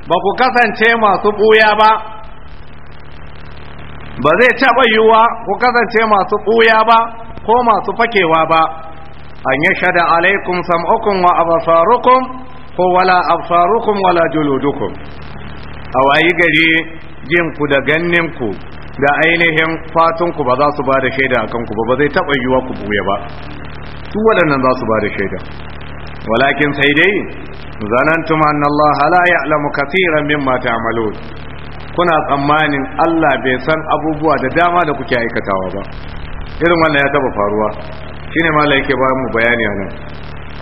baku kasance masu ɓuya ba ba zai taɓa yiwuwa ku kasance masu ɓuya ba ko masu fakewa ba an yi shada alaikum sam'ukun wa abasarukun ko wala abasarukun wala jolodukun a wayi gari ku da ku? da ainihin fatanku ba za su ba da shaida a kanku ba ba zai taɓa yiwuwa ku buya ba duk waɗannan za su ba da shaida walakin sai dai zanantum annallaha la ya'lamu katiran mimma ta'malun kuna tsammanin Allah bai san abubuwa da dama da kuke aikatawa ba irin wannan ya taba faruwa shine malai yake ba mu bayani a nan.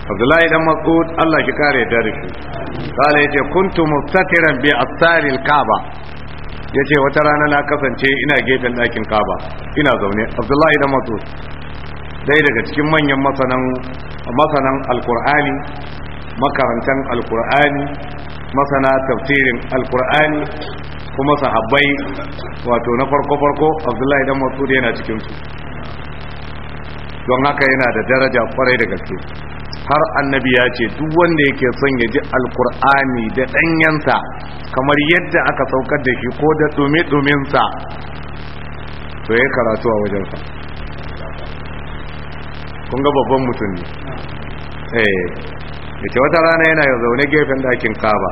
Abdullahi dan Mas'ud Allah ki kare da shi kala yace kuntu mustatiran bi asaril Kaaba ya ce wata rana na kasance ina gefen ɗakin kaba ina zaune abdullahi da masu ɗaya daga cikin manyan masanan alkur'ani makarantar alkur'ani masana tafsirin alkur'ani kuma sahabbai wato na farko-farko abdullahi da masu yana cikinsu don haka yana da daraja kwarai da gaske har annabi ya ce duk wanda yake son ya ji alkur'ani da ɗanyensa kamar yadda aka saukar da shi ko da ɗume-ɗuminsa to ya karatu a wajensa kun ga babban mutum ne eh da ce wata rana yana zaune gefen ɗakin kaba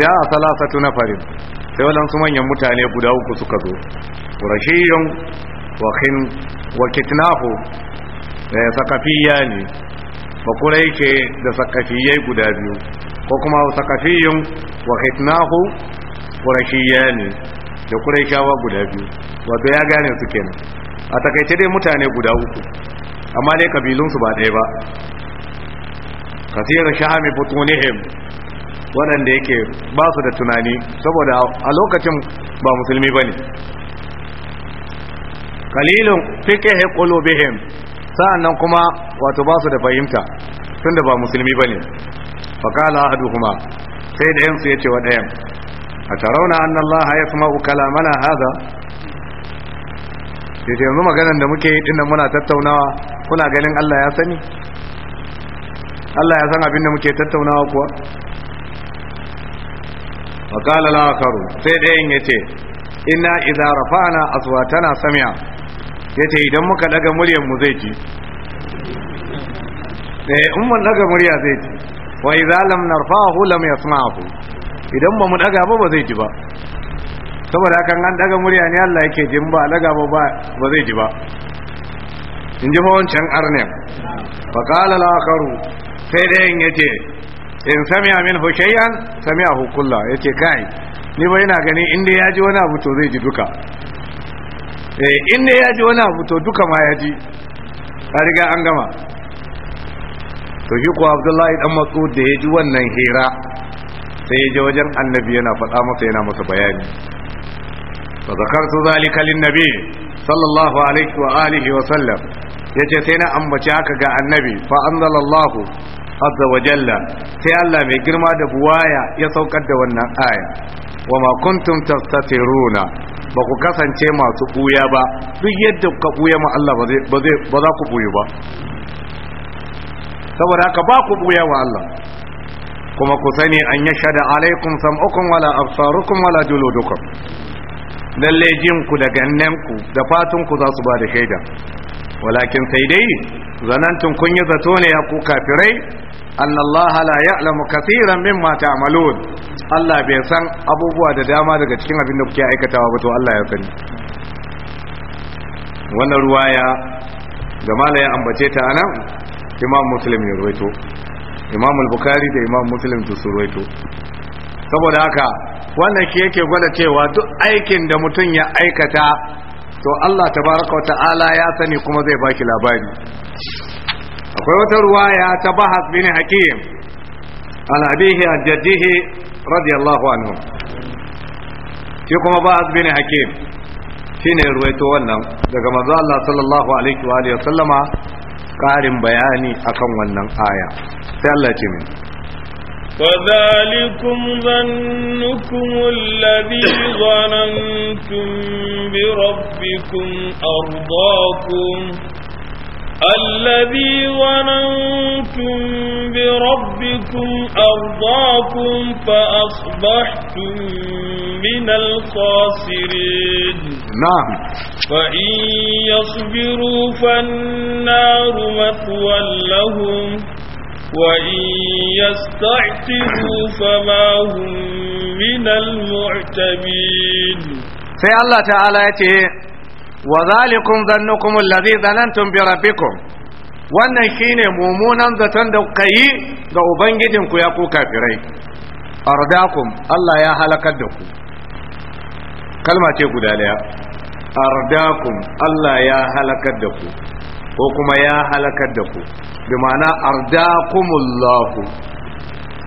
da a salasatu na farin sai waɗansu manyan mutane guda uku suka zo rashiyon wa kitnafu da eh, ya sakafiya ne bakura yake da sakafiyai guda biyu ko kuma sakafiyun wa hitnahu kurashiya ne da kuraishawa guda biyu wato ya gane su kenan a takaice dai mutane guda uku amma dai kabilunsu ba ɗaya ba kasirin shahami butunihim waɗanda yake ba su da tunani saboda a lokacin ba musulmi ba ne kalilun fiƙe haƙulobihim sa'an nan kuma wato ba su da fahimta tun da ba musulmi ba ne faƙala ahadu kuma sai da yansu ya ce wa ɗayan a tarauna an laha ya suma mana haza da ke yanzu maganan da muke yi muna tattaunawa kuna ganin Allah ya sani Allah ya san abin da muke tattaunawa kuwa faƙala la'akaru sai ɗayan ya ce ina idza rafa'na aswatana samiya. yace idan muka daga muryar mu zai ji eh in mun daga murya zai ji wa idza lam narfahu lam yasma'hu idan ba mu daga ba ba zai ji ba saboda kan an daga murya ne Allah yake ji ba daga ba ba zai ji ba in ji wancan arnin fa qala al-akharu sai dayan yace in sami'a min shay'an sami'ahu kullu yace kai ni ba ina gani. inda ya ji wani abu to zai ji duka Eh, in inda ya ji wani abu to duka ma ya ji a riga an gama to shi kuwa abdullahi dan matsu da ya ji wannan hira sai ya je wajen annabi yana faɗa masa yana masa bayani fa zakartu zalika lin nabi sallallahu alaihi wa alihi wa sallam yace sai na ambaci haka ga annabi fa anzalallahu azza wa jalla sai Allah mai girma da buwaya ya saukar da wannan aya wa ma kuntum tastatiruna ba ku kasance masu buya ba duk yadda ka buya ma Allah ba za ku buyu ba saboda haka ba ku buya wa Allah kuma ku sani an ya shada alaikum sam'ukum wala absarukum wala juludukum lalle jinku da gannenku da fatanku za su ba da shaida walakin sai dai zanantun kun yi zato ne ya ku kafirai annallaha la ya'lamu kaseeran mimma ta'malun Allah bai san abubuwa da dama daga cikin abin da kuke aikatawa ba to Allah ya sani wannan ruwaya da mala ya ambace ta anan imam muslim ya ruwaito imam al-bukhari da imam muslim su ruwaito saboda haka wannan ke yake gwada cewa duk aikin da mutum ya aikata to Allah tabaraka wa ta'ala ya sani kuma zai baki labari akwai wata ruwaya ta bahas bin hakim an abihi an jaddihi radiyallahu anhu shi kuma bahas bin hakim ne ruwaito wannan daga manzo Allah sallallahu alaihi wa sallama karin bayani akan wannan aya sai Allah ce mini فذلكم ظنكم الذي ظننتم بربكم أرضاكم الذي ظننتم بربكم أرضاكم فأصبحتم من الخاسرين نعم فإن يصبروا فالنار مثوى لهم وإن يستعتبوا فما هم من المعتبين في الله تعالى يتي وذلكم ظنكم الذي ظننتم بربكم wannan shine mummunan zaton da kuka yi ga ubangijinku ya ku kafirai ardakum Allah ya halakar da ku kalma ce guda daya ardakum Allah ya halakar da ku ko kuma ya halakar da ku bi ma'ana ardakumullahu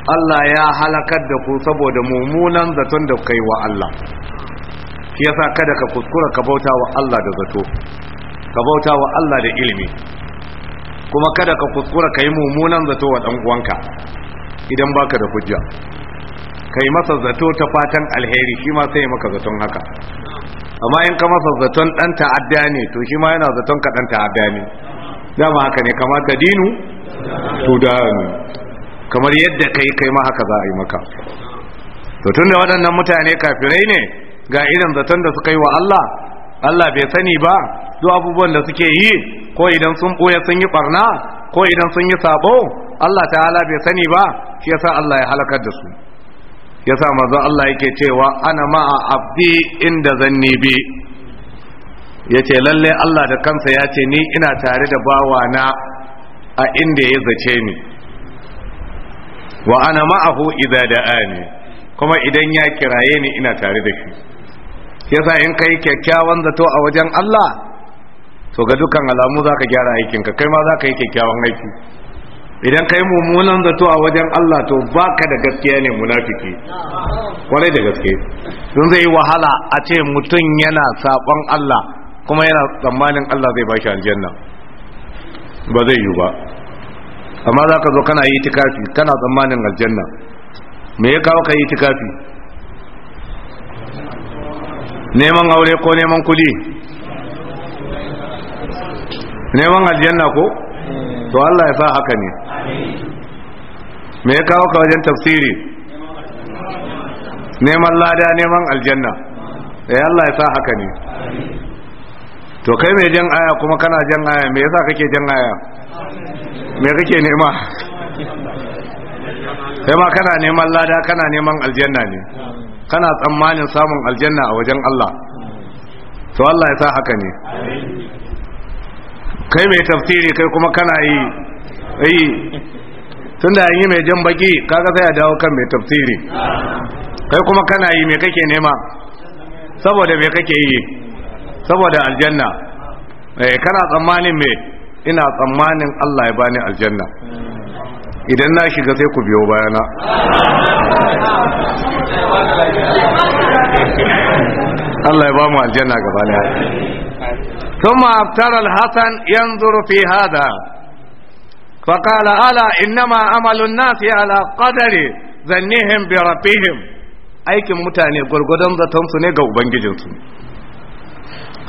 Allah ya halakar da ku saboda mummunan zaton da kai wa Allah shi yasa kada ka kuskura ka bauta wa Allah da zato ka bauta wa Allah da ilimi kuma kada ka kuskura kai mummunan zato wa dan uwanka idan baka da hujja kai masa zato ta fatan alheri shi ma sai maka zaton haka amma in ka masa zaton dan ta'adda ne to shi ma yana zaton ka dan ta'adda ne dama haka ne kamar ka dinu to da kamar yadda kai kai ma haka za a yi maka to tunda waɗannan mutane kafirai ne ga irin zaton da suka yi wa Allah Allah bai sani ba Do abubuwan da suke yi ko idan sun boye sun yi barna ko idan sun yi sabo Allah ta'ala bai sani ba shi yasa Allah ya halakar da su yasa manzon Allah yake cewa ana ma'a abdi inda zanni bi yace lalle Allah da kansa ya ce ni ina tare da bawana a inda ya zace ni wa ana ma'ahu idza da'ani kuma idan ya kiraye ni ina tare da shi yasa in kai kyakkyawan zato a wajen Allah to ga dukan alamu zaka gyara aikinka kai ma zaka yi kyakkyawan aiki idan kai mummunan zato a wajen Allah to baka da gaskiya ne munafiki kwarai da gaske don zai wahala a ce mutum yana sabon Allah kuma yana tsammanin Allah zai bashi aljanna ba zai yi ba amma za ka zo kana yi tikafi kana tsammanin aljanna me ya kawo ka yi tikafi neman aure ko neman kudi neman aljanna ko to Allah ya sa haka ne me ya kawo ka wajen tafsiri neman lada neman aljanna eh Allah ya sa haka ne to kai mai jan aya kuma kana jan aya me yasa kake jan aya me kake nema kai ma kana neman lada kana neman aljanna ne kana tsammanin samun aljanna a wajen Allah to Allah ya sa haka ne kai mai tafsiri kai kuma kana yi Eh, tun da yi mai jan baki kaga sai a dawo kan mai tafsiri kai kuma kana yi mai kake nema saboda mai kake yi saboda aljanna eh, kana tsammanin me ina tsammanin Allah ya bani aljanna idan na shiga sai ku biyo bayana Allah ya ba mu aljanna gaba ne ثم افتر الحسن ينظر في هذا فقال الا انما عمل الناس على قدر ظنهم بربهم aikin mutane gwargwadon zatonsu ne ga ubangijinsu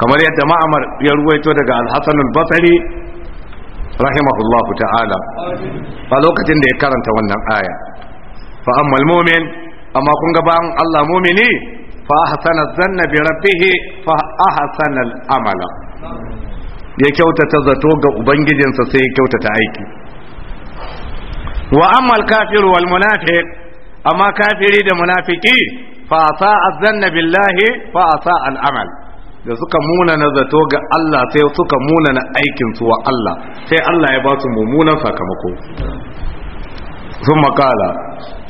kamar yadda ma'amar ya ruwaito daga alhassan albasari rahimahullahu ta'ala a lokacin da ya karanta wannan aya fa'ammal mumin amma kun gaban allah mumini fa ahsana zanna bi rafihi fa ahsana al'amala ya kyautata zato ga ubangijinsa sai ya kyautata aiki wa amma al wal munafiq amma kafiri da munafiki fa asa azanna billahi fa asa al-amal da suka muna zato ga Allah sai suka muna na aikin wa Allah sai Allah ya basu su mummunan sakamako ثم قال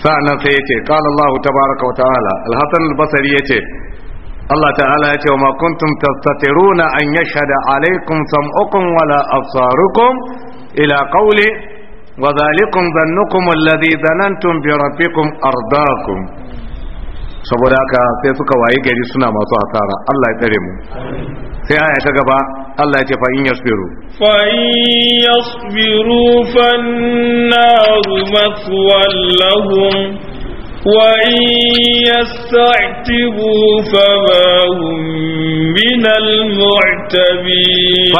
sa'annan sai yace qala Allah tabaaraka wa ta'ala al-Hasan al-Basri yace Allah ta'ala yace wa ma kuntum tastatiruna an yashhada 'Alaikum sam'ukum wala absarukum ila qawli وذلكم ظنكم الذي ظننتم بربكم أرضاكم saboda haka sai suka wayi gari suna masu hasara Allah ya tsare mu sai aya ta gaba Allah ya ce fa in yasbiru fa in yasbiru fan naru mathwal lahum wa in yasta'tibu fama hum min al mu'tabi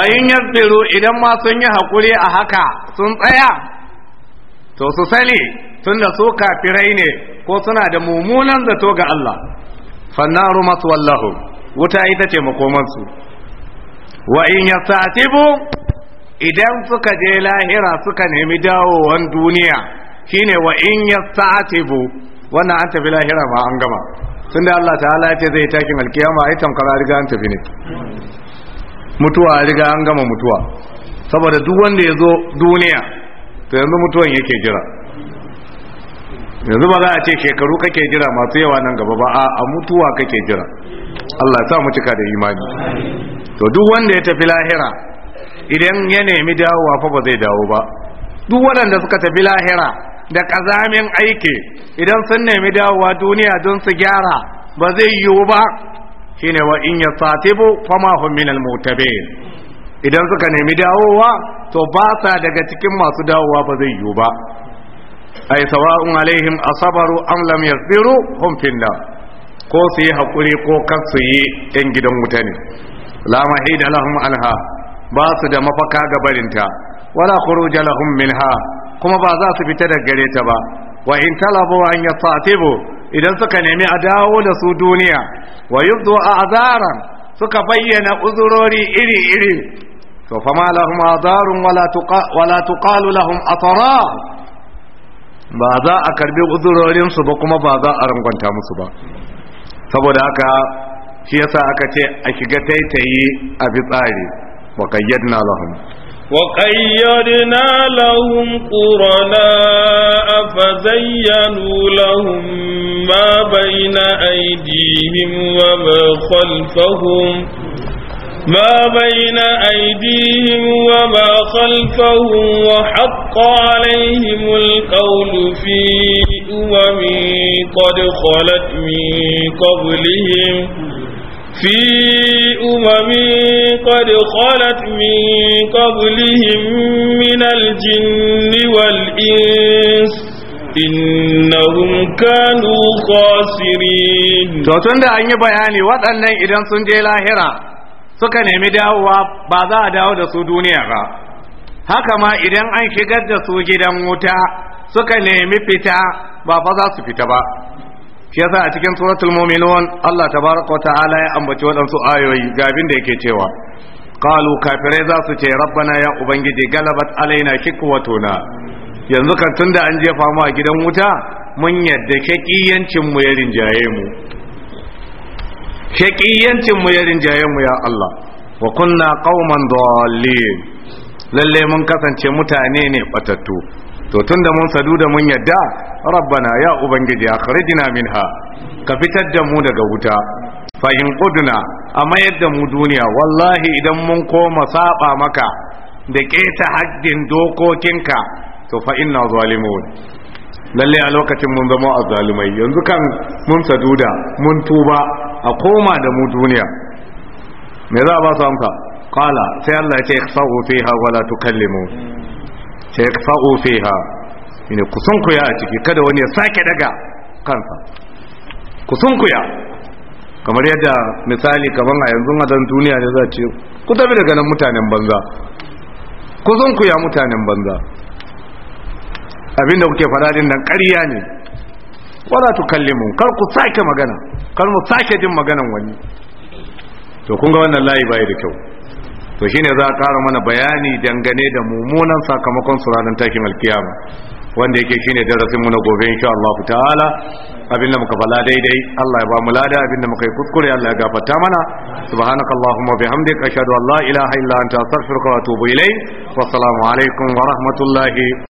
fa in yasbiru idan ma sun yi hakuri a haka sun tsaya to su sani tunda su kafirai ne ko suna da mumunan zato ga Allah fannaru wallahu, wuta ita ce makomansu wa in yasatibu idan suka je lahira suka nemi dawowan duniya shine wa in yasatibu wannan an tafi lahira ma an gama tunda Allah ta'ala ya ce zai takin alkiyama ai tamkara riga an tafi ne mutuwa riga an gama mutuwa saboda duk wanda ya zo duniya to yanzu mutuwan yake jira yanzu ba za a ce shekaru kake jira masu yawa nan gaba ba a mutuwa kake jira Allah sa mu cika da imani to duk wanda ya tafi lahira idan ya nemi dawowa fa ba zai dawo ba duk waɗanda suka tafi lahira da ƙazamin aiki idan sun nemi dawowa duniya don su gyara ba zai yiwu ba shine wa in yasatibu fama hum al mutabin idan suka nemi dawowa to ba sa daga cikin masu dawowa ba zai yiwu ba ai sawa'un alaihim asabaru am lam yasbiru hum finna ko su yi hakuri ko kan su yi yan gidan wuta ne la mahida lahum alha ba su da mafaka ga barinta wala khuruja lahum minha kuma ba za su fita daga gare ta ba wa in talabu an yasatibu idan suka nemi a dawo da su duniya wa yubdu a'zaran suka bayyana uzurori iri-iri to fama lahum adarun wala tuqalu lahum ba za a karbi uzurorinsu ba kuma ba za a rangwanta musu ba saboda haka shi yasa aka ce a shiga taitayi a tsari wa qayyadna lahum وقيدنا لهم قرناء فزينوا لهم ما بين أيديهم وما خلفهم ما بين أيديهم وما خلفهم وحق عليهم القول في أمم قد خلت من قبلهم في أمم قد خلت من قبلهم من الجن والإنس innahum kanu khasirin to tunda an yi bayani waɗannan idan sun je lahira suka nemi dawowa ba za a dawo da su duniya ba haka ma idan an shigar da su gidan wuta suka nemi fita ba fa za su fita ba shi yasa a cikin suratul mu'minun Allah tabaraka ta'ala ya ambaci waɗansu ayoyi ga abin da yake cewa qalu kafirai za su ce rabbana ya ubangiji galabat alaina shikwatuna yanzu kan tunda an jefa mu a gidan wuta mun yadda shakiyancin mu ya rinjaye mu shaqiyancin mu ya rinjaye mu ya Allah wa kunna qauman dallin lalle mun kasance mutane ne batattu to tunda mun sadu da mun yadda rabbana ya ubangiji akhrijna minha ka fitar da mu daga wuta fa in quduna amma yadda mu duniya wallahi idan mun koma saba maka da keta haddin dokokinka to fa inna zalimun lalle a lokacin mun zama azzalumai yanzu kan mun saduda mun tuba a koma da mu duniya me za a ba su amsa kala sai Allah ya ce ikhsa'u fiha wala tukallimu sai ikhsa'u fiha ne kusan ya a ciki kada wani ya sake daga kansa kusan ya. kamar yadda misali kamar a yanzu a dan duniya ne za ce ku tafi daga nan mutanen banza kusan ya mutanen banza abinda kuke din nan ƙarya ne wala tukallimu kar ku sake magana kar mu sake jin maganan wani to kun ga wannan layi bai da kyau to shine za a ƙara mana bayani dangane da mummunan sakamakon suranan takin alkiyama wanda yake shine darasin mu na gobe insha Allah ta'ala abinda muka fala daidai Allah ya ba mu lada abinda muka yi kuskure Allah ya gafarta mana subhanakallahumma bihamdika ashhadu an la ilaha illa anta astaghfiruka wa atubu ilayk wa assalamu alaikum wa rahmatullahi